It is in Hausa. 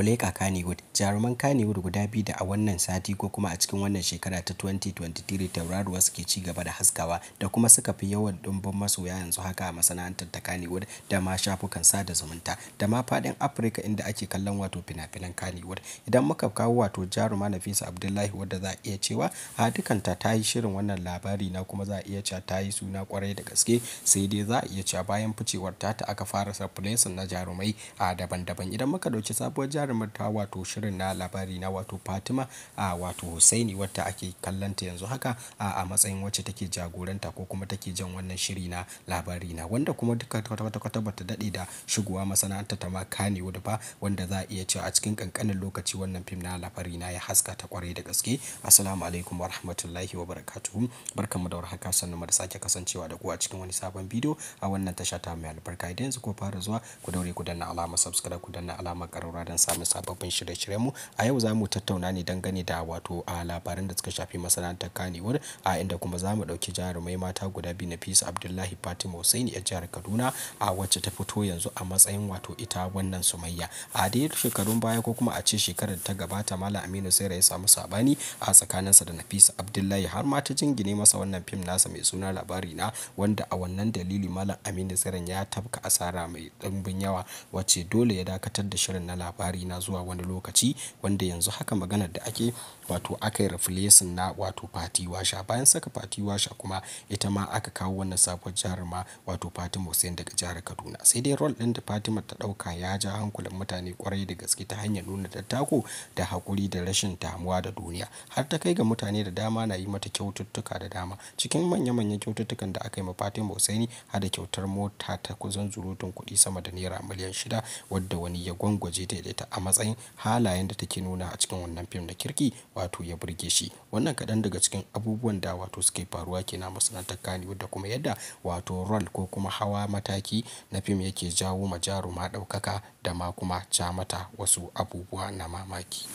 mu leƙa Kannywood. Jaruman Kannywood guda biyu da a wannan sati ko kuma a cikin wannan shekara ta 2023 tauraruwa suke ci gaba da haskawa da kuma suka fi yawan maso masoya yanzu haka a masana'antar ta Kannywood da ma shafukan sada zumunta da ma fadin Afirka inda ake kallon wato fina-finan Kannywood. Idan muka kawo wato jaruma Nafisa Abdullahi wadda za a iya cewa a dukanta ta yi shirin wannan labari na kuma za a iya cewa ta yi suna kwarai da gaske sai dai za a iya cewa bayan ficewar ta ta aka fara sarfulesin na jarumai a daban-daban idan muka ɗauki sabuwar jarumai jarumta wato shirin na labari na wato Fatima a wato Hussaini wadda ake kallanta yanzu haka a matsayin wacce take jagoranta ko kuma take jan wannan shiri na labari na wanda kuma duka kwata-kwata bata daɗe da shigowa masana'anta ta ma Kannywood ba wanda za a iya cewa a cikin kankanin lokaci wannan fim na labari na ya haska ta kwarai da gaske assalamu alaikum wa rahmatullahi wa barakatuhu barkamu da warhaka sannu da sake kasancewa da ku a cikin wani sabon bidiyo a wannan tasha ta mai albarka idan yanzu ko fara zuwa ku daure ku danna alamar subscribe ku danna alamar karaura don samun sababbin shirye-shiryenmu a yau za mu tattauna ne dangane da wato a labaran da suka shafi masana'antar kanewar a inda kuma za mu ɗauki jarumai mata guda biyu Nafisa Abdullahi Fatima Hussein a jihar Kaduna a wacce ta fito yanzu a matsayin wato ita wannan Sumayya a da shekarun baya ko kuma a ce shekarar da ta gabata Malam Aminu Saira ya samu sabani a tsakaninsa da Nafisa Abdullahi har ma ta jingine masa wannan fim nasa mai suna labari na wanda a wannan dalili Malam Aminu Saira ya tafka asara mai ɗumbin yawa wacce dole ya dakatar da shirin na labari ina na zuwa wani lokaci wanda yanzu haka maganar da ake wato aka yi rafilesin na wato Fati Washa bayan saka Fati Washa kuma ita ma aka kawo wannan sabuwar jaruma wato Fatima Hussein daga jihar Kaduna sai dai rol ɗin da Fatima ta ɗauka ya ja hankulan mutane kwarai da gaske ta hanyar nuna tattako da hakuri da rashin damuwa da duniya har ta kai ga mutane da dama na yi mata kyaututtuka da dama cikin manya-manyan kyaututtukan da aka yi ma Fatima hussein har da kyautar mota ta kuzan zurutun kuɗi sama da naira miliyan shida wadda wani ya gwangwaje ta ta a matsayin halayen da take nuna a cikin wannan fim na kirki wato ya burge shi wannan kaɗan daga cikin abubuwan da wato suke faruwa kenan masana'antar kaniwood da kuma yadda wato rol ko kuma hawa mataki na fim yake jawo ma jaruma ɗaukaka da ma kuma ja mata wasu abubuwa na mamaki.